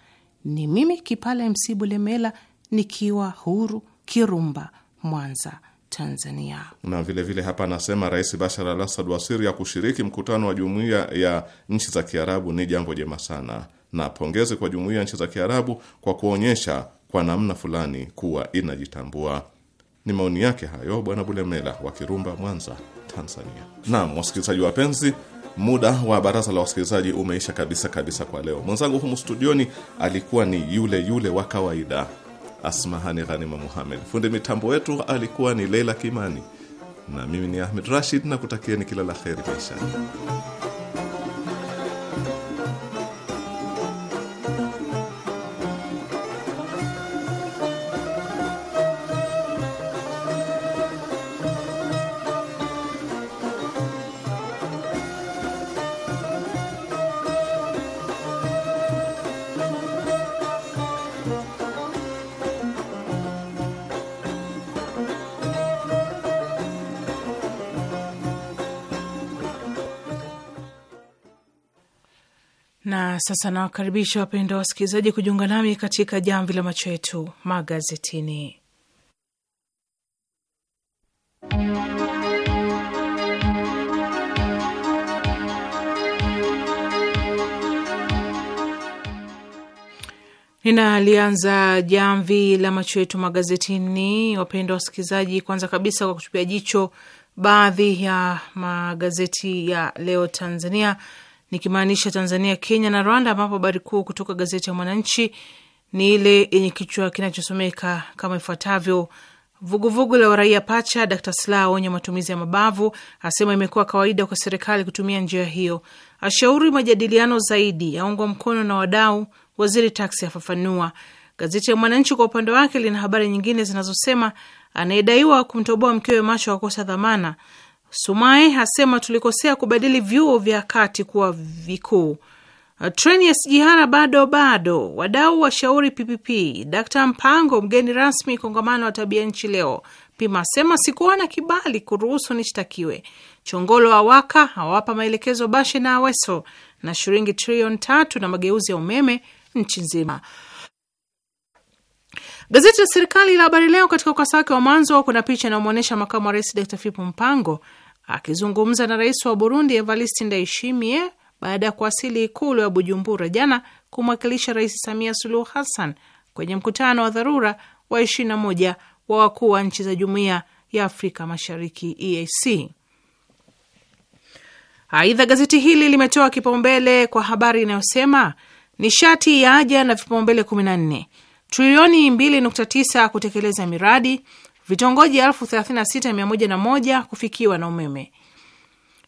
Ni mimi Kipala MC Bulemela nikiwa huru Kirumba, Mwanza, Tanzania. Na vilevile vile hapa anasema Rais Bashar al Assad wa Siria kushiriki mkutano wa Jumuiya ya Nchi za Kiarabu ni jambo jema sana, na pongezi kwa Jumuiya ya Nchi za Kiarabu kwa kuonyesha kwa namna fulani kuwa inajitambua. Ni maoni yake hayo Bwana Bulemela wa Kirumba, Mwanza, Tanzania. Naam, wasikilizaji wapenzi, muda wa baraza la wasikilizaji umeisha kabisa kabisa kwa leo. Mwenzangu humu studioni alikuwa ni yule yule wa kawaida, Asmahani Ghanima Muhamed. Fundi mitambo wetu alikuwa ni Leila Kimani na mimi ni Ahmed Rashid na kutakieni kila la kheri maishani. sasa nawakaribisha wapendwa wasikilizaji kujiunga nami katika jamvi la macho yetu magazetini. Ninalianza jamvi la macho yetu magazetini, wapendwa wasikilizaji, kwanza kabisa kwa kutupia jicho baadhi ya magazeti ya leo Tanzania nikimaanisha Tanzania, Kenya na Rwanda, ambapo habari kuu kutoka gazeti ya Mwananchi ni ile yenye kichwa kinachosomeka kama ifuatavyo: vuguvugu la waraia pacha, d Sla aonya matumizi ya mabavu, asema imekuwa kawaida kwa serikali kutumia njia hiyo, ashauri majadiliano zaidi, yaungwa mkono na wadau, waziri taksi afafanua. Gazeti ya Mwananchi kwa upande wake lina habari nyingine zinazosema anayedaiwa kumtoboa mkewe macho akosa dhamana Sumai asema tulikosea kubadili vyuo vya kati kuwa vikuu. Uh, treni ya SGR bado bado. Wadau washauri PPP. Dkt Mpango mgeni rasmi kongamano wa tabia nchi leo. Pima asema sikuona kibali kuruhusu nishtakiwe. Chongolo awaka hawapa maelekezo Bashe na Aweso na shilingi trilioni tatu na mageuzi ya umeme nchi nzima. Gazeti la serikali la Habari Leo katika ukurasa wake wa mwanzo kuna picha inayomwonyesha makamu wa rais Dkt Filipo Mpango Akizungumza na rais wa Burundi Evariste Ndayishimiye baada ya kuwasili ikulu ya Bujumbura jana kumwakilisha Rais Samia Suluhu Hassan kwenye mkutano wa dharura wa 21 wa wakuu wa nchi za Jumuiya ya Afrika Mashariki EAC. Aidha, gazeti hili limetoa kipaumbele kwa habari inayosema nishati ya aja na vipaumbele 14 trilioni 2.9 kutekeleza miradi vitongoji elfu thelathini na sita mia moja na moja kufikiwa na umeme.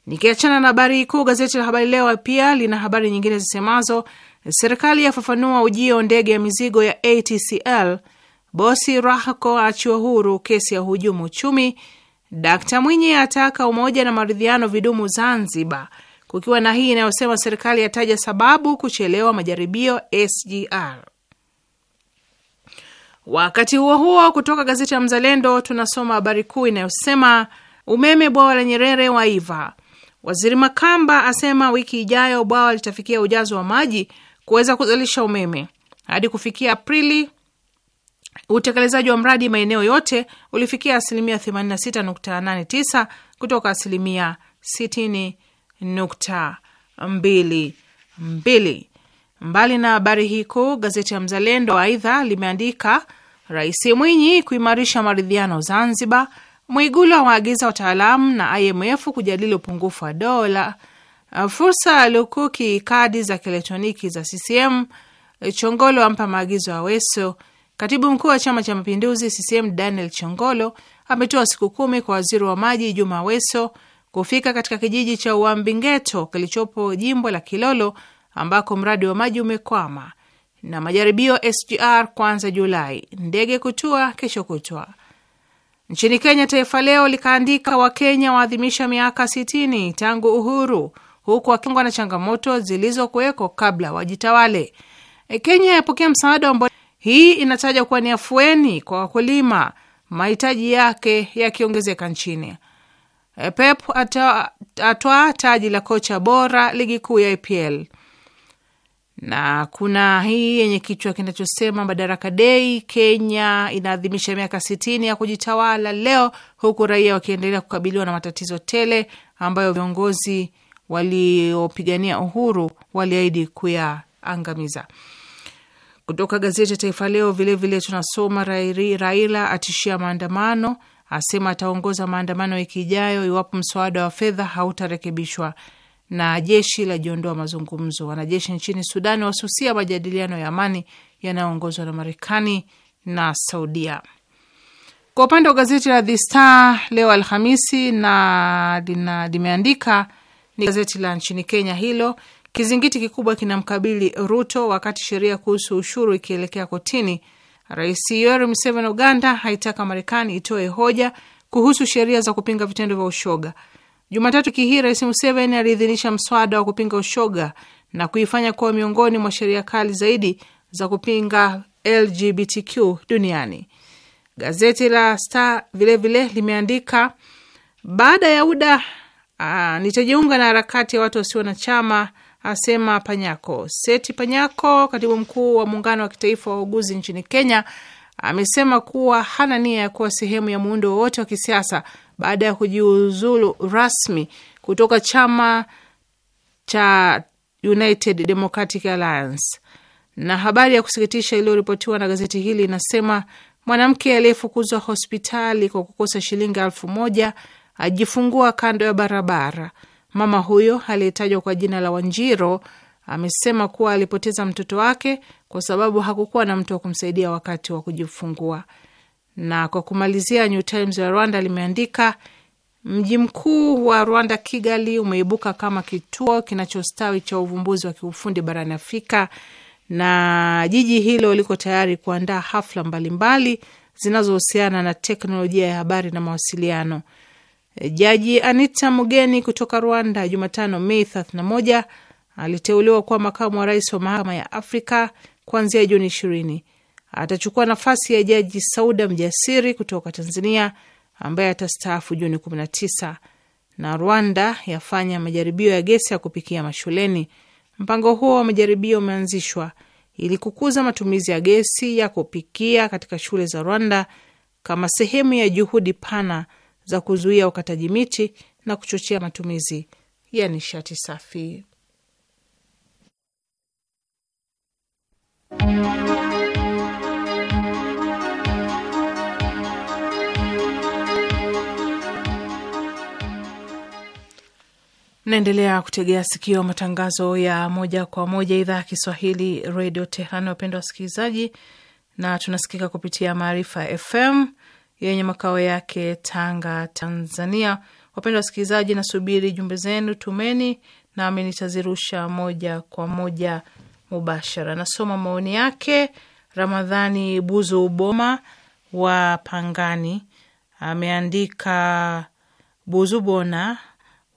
Nikiachana na habari kuu, gazeti la Habari Leo pia lina habari nyingine zisemazo: serikali yafafanua ujio ndege ya mizigo ya ATCL, bosi Rahco achiwa huru kesi ya hujumu uchumi, Dkt Mwinyi ataka umoja na maridhiano vidumu Zanzibar, kukiwa na hii inayosema serikali yataja sababu kuchelewa majaribio SGR. Wakati huo huo, kutoka gazeti ya Mzalendo tunasoma habari kuu inayosema umeme bwawa la Nyerere waiva. Waziri Makamba asema wiki ijayo bwawa litafikia ujazo wa maji kuweza kuzalisha umeme. Hadi kufikia Aprili, utekelezaji wa mradi maeneo yote ulifikia asilimia 86.89 kutoka asilimia 60.22. Mbali na habari hii kuu, gazeti ya Mzalendo aidha limeandika Rais Mwinyi kuimarisha maridhiano Zanzibar, Mwigulu awaagiza wataalamu na IMF kujadili upungufu wa dola, eh, fursa lukuki kadi za kielektroniki za CCM, eh, Chongolo ampa maagizo ya Weso. Katibu mkuu wa Chama cha Mapinduzi CCM Daniel Chongolo ametoa siku kumi kwa waziri wa maji Juma Weso kufika katika kijiji cha Uambingeto kilichopo jimbo la Kilolo ambako mradi wa maji umekwama na majaribio SGR kuanza Julai, ndege kutua kesho kutwa. Nchini Kenya, Taifa Leo likaandika Wakenya waadhimisha miaka 60 tangu uhuru, huku wakingwa na changamoto zilizokuweko kabla wajitawale. Kenya yapokea msaada wa mbolea, hii inataja kuwa ni afueni kwa wakulima, mahitaji yake yakiongezeka nchini. Pep atoa taji la kocha bora ligi kuu ya EPL na kuna hii yenye kichwa kinachosema Madaraka Dei, Kenya inaadhimisha miaka sitini ya kujitawala leo, huku raia wakiendelea kukabiliwa na matatizo tele ambayo viongozi waliopigania uhuru waliahidi kuyaangamiza. Kutoka gazeti ya Taifa Leo vilevile tunasoma Raila atishia maandamano, asema ataongoza maandamano wiki ijayo iwapo mswada wa fedha hautarekebishwa na jeshi la jiondoa mazungumzo. Wanajeshi nchini Sudan wasusia majadiliano ya amani yanayoongozwa na Marekani na Saudia. Kwa upande wa gazeti la The Star leo Alhamisi na, na limeandika ni gazeti la nchini Kenya hilo. Kizingiti kikubwa kinamkabili Ruto wakati sheria kuhusu ushuru ikielekea kotini. Rais Yoweri Museveni Uganda haitaka Marekani itoe hoja kuhusu sheria za kupinga vitendo vya ushoga. Jumatatu kihi Rais Museveni aliidhinisha mswada wa kupinga ushoga na kuifanya kuwa miongoni mwa sheria kali zaidi za kupinga LGBTQ duniani. Gazeti la Star vilevile vile limeandika baada ya UDA nitajiunga na harakati ya watu wasio na chama, asema Panyako. Seti Panyako, katibu mkuu wa muungano wa kitaifa wa uguzi nchini Kenya, amesema kuwa hana nia ya kuwa sehemu ya muundo wowote wa kisiasa baada ya kujiuzulu rasmi kutoka chama cha United Democratic Alliance. Na habari ya kusikitisha iliyoripotiwa na gazeti hili inasema mwanamke aliyefukuzwa hospitali kwa kukosa shilingi elfu moja ajifungua kando ya barabara. Mama huyo aliyetajwa kwa jina la Wanjiro amesema kuwa alipoteza mtoto wake kwa sababu hakukuwa na mtu wa kumsaidia wakati wa kujifungua. Na kwa kumalizia, New Times ya Rwanda limeandika mji mkuu wa Rwanda, Kigali, umeibuka kama kituo kinachostawi cha uvumbuzi wa kiufundi barani Afrika, na jiji hilo liko tayari kuandaa hafla mbalimbali zinazohusiana na teknolojia ya habari na mawasiliano. E, Jaji Anita Mugeni kutoka Rwanda, Jumatano Mei 31 aliteuliwa kuwa makamu wa rais wa mahakama ya Afrika kuanzia Juni ishirini atachukua nafasi ya Jaji Sauda Mjasiri kutoka Tanzania ambaye atastaafu Juni 19 na Rwanda yafanya majaribio ya gesi ya kupikia mashuleni. Mpango huo wa majaribio umeanzishwa ili kukuza matumizi ya gesi ya kupikia katika shule za Rwanda kama sehemu ya juhudi pana za kuzuia ukataji miti na kuchochea matumizi ya nishati safi. Naendelea kutegea sikio matangazo ya moja kwa moja idhaa ya Kiswahili redio Tehran, wapendwa wasikilizaji, na tunasikika kupitia Maarifa FM yenye makao yake Tanga, Tanzania. Wapendwa wasikilizaji, nasubiri jumbe zenu, tumeni nami nitazirusha moja kwa moja mubashara. Nasoma maoni yake. Ramadhani Buzu Uboma wa Pangani ameandika Buzubona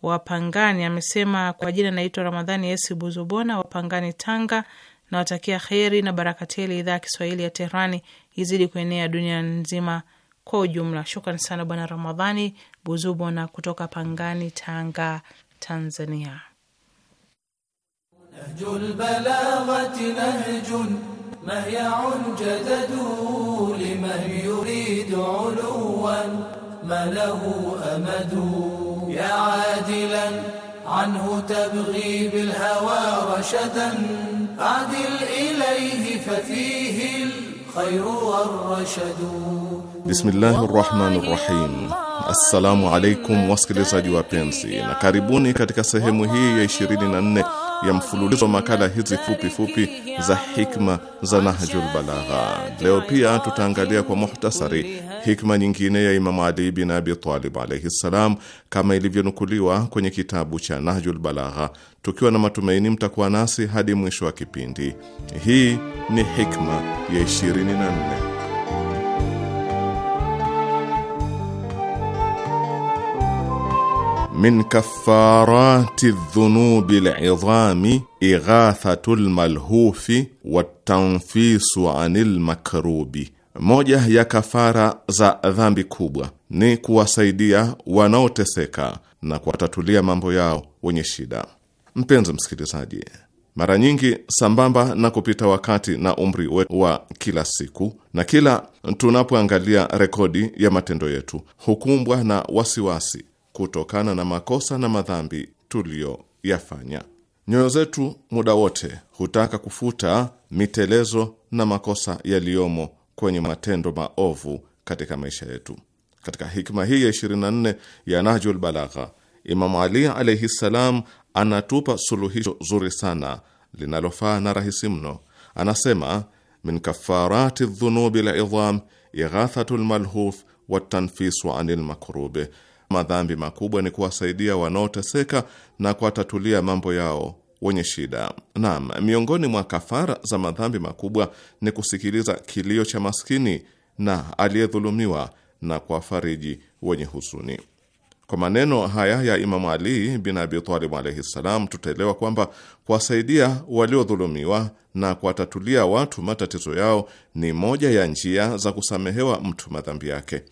Wapangani amesema kwa jina naitwa Ramadhani Yesi Buzubona, Wapangani Tanga. Nawatakia kheri na baraka tele. Idhaa ya Kiswahili ya Tehrani izidi kuenea dunia nzima kwa ujumla. Shukran sana Bwana Ramadhani Buzubona kutoka Pangani, Tanga, Tanzania. Nahjul عادلا عنه تبغي بالهوى رشدا عدل إليه ففيه الخير والرشد بسم الله الرحمن الرحيم السلام عليكم wasikilizaji wapenzi, na نكاربوني katika sehemu هي ya 24 ya mfululizo makala hizi fupi fupi za hikma za Nahjul Balagha. Leo pia tutaangalia kwa muhtasari hikma nyingine ya Imamu Ali bin Abi Talib alaihi ssalam, kama ilivyonukuliwa kwenye kitabu cha Nahjul Balagha, tukiwa na matumaini mtakuwa nasi hadi mwisho wa kipindi. Hii ni hikma ya 24. min kaffarati dhunubi lidhami ighathatu lmalhufi watanfisu ani lmakrubi moja ya kafara za dhambi kubwa ni kuwasaidia wanaoteseka na kuwatatulia mambo yao wenye shida. Mpenzi msikilizaji, mara nyingi sambamba na kupita wakati na umri wetu wa kila siku na kila tunapoangalia rekodi ya matendo yetu hukumbwa na wasiwasi kutokana na makosa na madhambi tuliyoyafanya. Nyoyo zetu muda wote hutaka kufuta mitelezo na makosa yaliyomo kwenye matendo maovu katika maisha yetu. Katika hikma hii ya 24 ya Nahjul Balagha, Imamu Ali alaihi ssalam anatupa suluhisho zuri sana linalofaa na rahisi mno. Anasema, min kafarati dhunubi lidham ighathatu lmalhuf watanfisu ani lmakrube Madhambi makubwa ni kuwasaidia wanaoteseka na kuwatatulia mambo yao wenye shida. Naam, miongoni mwa kafara za madhambi makubwa ni kusikiliza kilio cha maskini na aliyedhulumiwa na kuwafariji wenye huzuni. Kwa maneno haya ya Imamu Ali bin Abi Talib alaihi ssalam, tutaelewa kwamba kuwasaidia waliodhulumiwa na kuwatatulia watu matatizo yao ni moja ya njia za kusamehewa mtu madhambi yake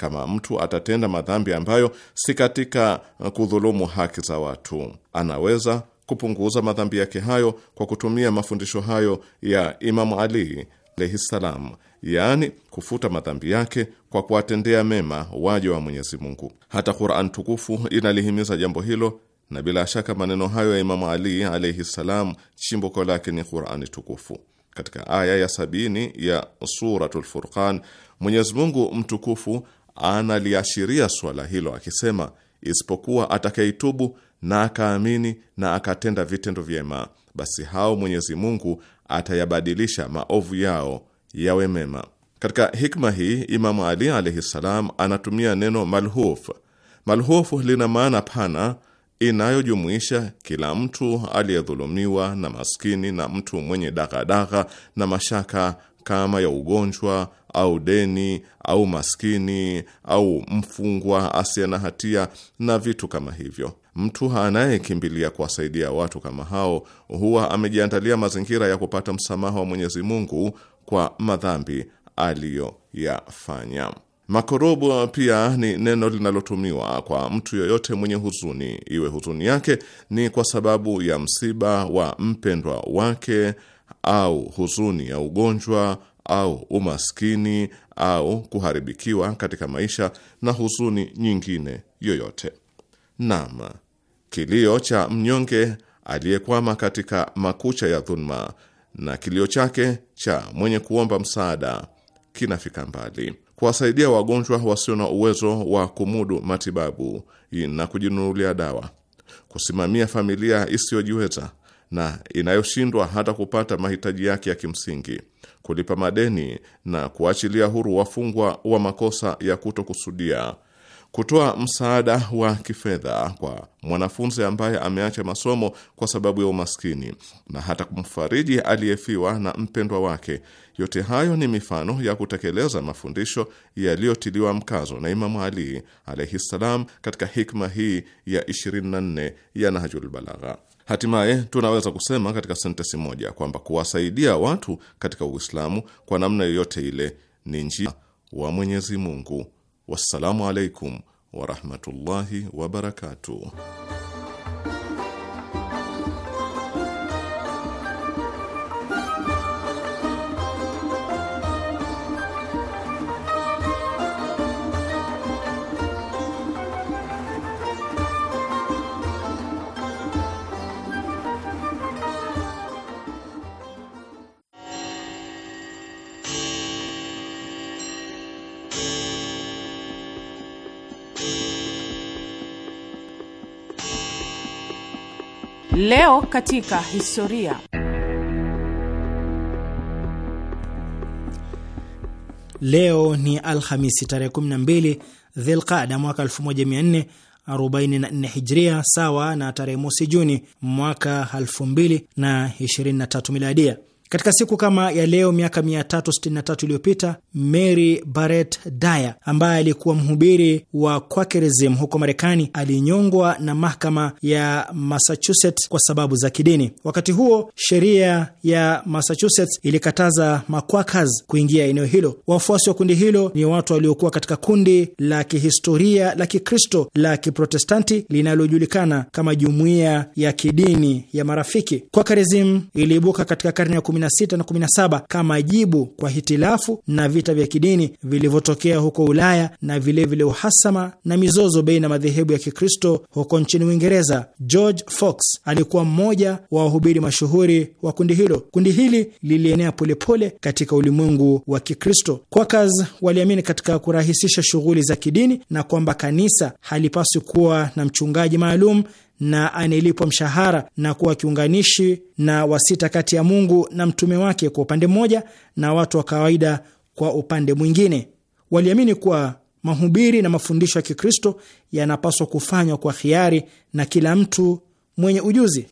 kama mtu atatenda madhambi ambayo si katika uh, kudhulumu haki za watu, anaweza kupunguza madhambi yake hayo kwa kutumia mafundisho hayo ya Imamu Ali alaihi salam, yaani kufuta madhambi yake kwa kuwatendea mema waja wa Mwenyezi Mungu. Hata Quran tukufu inalihimiza jambo hilo, na bila shaka maneno hayo ya Imamu Ali alaihi salam chimbuko lake ni Qurani tukufu. Katika aya ya sabini ya Suratul Furqan, Mwenyezi Mungu mtukufu analiashiria suala hilo akisema, isipokuwa atakayetubu na akaamini na akatenda vitendo vyema, basi hao Mwenyezi Mungu atayabadilisha maovu yao yawe mema. Katika hikma hii Imamu Ali alaihi ssalam anatumia neno malhuf. Malhuf lina maana pana inayojumuisha kila mtu aliyedhulumiwa na maskini na mtu mwenye daghadagha na mashaka kama ya ugonjwa au deni au maskini au mfungwa asiye na hatia na vitu kama hivyo. Mtu anayekimbilia kuwasaidia watu kama hao huwa amejiandalia mazingira ya kupata msamaha wa Mwenyezi Mungu kwa madhambi aliyoyafanya. Makorobo pia ni neno linalotumiwa kwa mtu yoyote mwenye huzuni, iwe huzuni yake ni kwa sababu ya msiba wa mpendwa wake au huzuni ya ugonjwa au umaskini au kuharibikiwa katika maisha na huzuni nyingine yoyote. Naam, kilio cha mnyonge aliyekwama katika makucha ya dhuluma na kilio chake cha mwenye kuomba msaada kinafika mbali. Kuwasaidia wagonjwa wasio na uwezo wa kumudu matibabu na kujinunulia dawa, kusimamia familia isiyojiweza na inayoshindwa hata kupata mahitaji yake ya kimsingi kulipa madeni na kuachilia huru wafungwa wa makosa ya kutokusudia, kutoa msaada wa kifedha kwa mwanafunzi ambaye ameacha masomo kwa sababu ya umaskini na hata kumfariji aliyefiwa na mpendwa wake. Yote hayo ni mifano ya kutekeleza mafundisho yaliyotiliwa mkazo na Imamu Ali alaihi ssalam katika hikma hii ya 24 ya Nahjul Balagha. Hatimaye tunaweza kusema katika sentesi moja kwamba kuwasaidia watu katika Uislamu kwa namna yoyote ile ni njia wa Mwenyezi Mungu. Wassalamu alaikum warahmatullahi wabarakatuh. Leo katika historia. Leo ni Alhamisi tarehe 12 Dhilqada mwaka 1444 Hijria, sawa na tarehe mosi Juni mwaka 2023 Miladia. Katika siku kama ya leo miaka 363 iliyopita Mary Barrett Dyer ambaye alikuwa mhubiri wa Quakerism huko Marekani alinyongwa na mahakama ya Massachusetts kwa sababu za kidini. Wakati huo sheria ya Massachusetts ilikataza Maquakers kuingia eneo hilo. Wafuasi wa kundi hilo ni watu waliokuwa katika kundi la kihistoria la Kikristo la Kiprotestanti linalojulikana kama Jumuiya ya Kidini ya Marafiki. Quakerism iliibuka katika karne ya 16 na 17 kama jibu kwa hitilafu na vita vya kidini vilivyotokea huko Ulaya na vilevile vile uhasama na mizozo baina ya madhehebu ya Kikristo huko nchini Uingereza. George Fox alikuwa mmoja wa wahubiri mashuhuri wa kundi hilo. Kundi hili lilienea polepole katika ulimwengu wa Kikristo. Quakers waliamini katika kurahisisha shughuli za kidini na kwamba kanisa halipaswi kuwa na mchungaji maalum na anayelipwa mshahara na kuwa kiunganishi na wasita kati ya Mungu na mtume wake kwa upande mmoja, na watu wa kawaida kwa upande mwingine. Waliamini kuwa mahubiri na mafundisho ya Kikristo yanapaswa kufanywa kwa hiari na kila mtu mwenye ujuzi.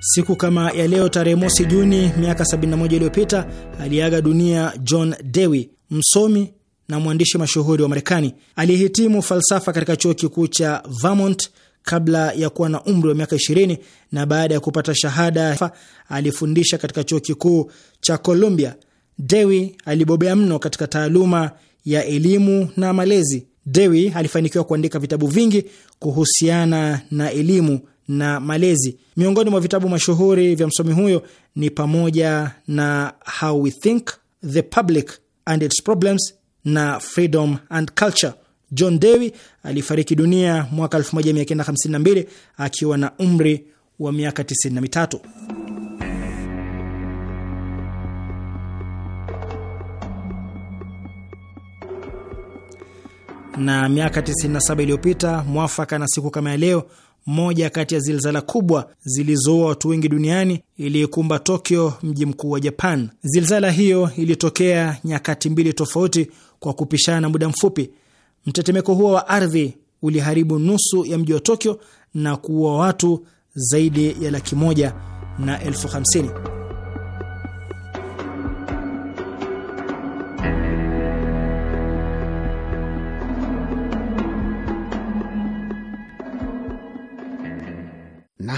Siku kama ya leo tarehe mosi Juni miaka 71 iliyopita aliaga dunia John Dewey, msomi na mwandishi mashuhuri wa Marekani. Alihitimu falsafa katika chuo kikuu cha Vermont kabla ya kuwa na umri wa miaka 20 na baada ya kupata shahada alifundisha katika chuo kikuu cha Columbia. Dewi alibobea mno katika taaluma ya elimu na malezi. Dewi alifanikiwa kuandika vitabu vingi kuhusiana na elimu na malezi. Miongoni mwa vitabu mashuhuri vya msomi huyo ni pamoja na How We Think, The Public and its Problems na Freedom and Culture. John Dewey alifariki dunia mwaka 1952 akiwa na umri wa miaka 93. Na miaka 97 iliyopita, mwafaka na siku kama ya leo moja kati ya zilzala kubwa zilizoua watu wengi duniani iliyokumba Tokyo, mji mkuu wa Japan. Zilzala hiyo ilitokea nyakati mbili tofauti kwa kupishana muda mfupi. Mtetemeko huo wa ardhi uliharibu nusu ya mji wa Tokyo na kuua watu zaidi ya laki moja na elfu hamsini.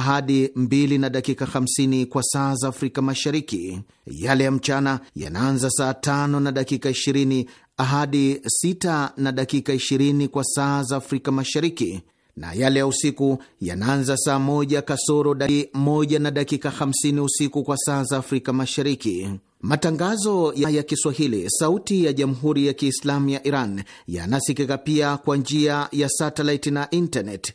hadi 2 na dakika 50 kwa saa za Afrika Mashariki. Yale ya mchana yanaanza saa tano na dakika 20 hadi sita na dakika 20 kwa saa za Afrika Mashariki, na yale ya usiku yanaanza saa moja kasoro dai moja na dakika hamsini usiku kwa saa za Afrika Mashariki. Matangazo ya, ya Kiswahili sauti ya Jamhuri ya Kiislamu ya Iran yanasikika pia kwa njia ya satellite na internet.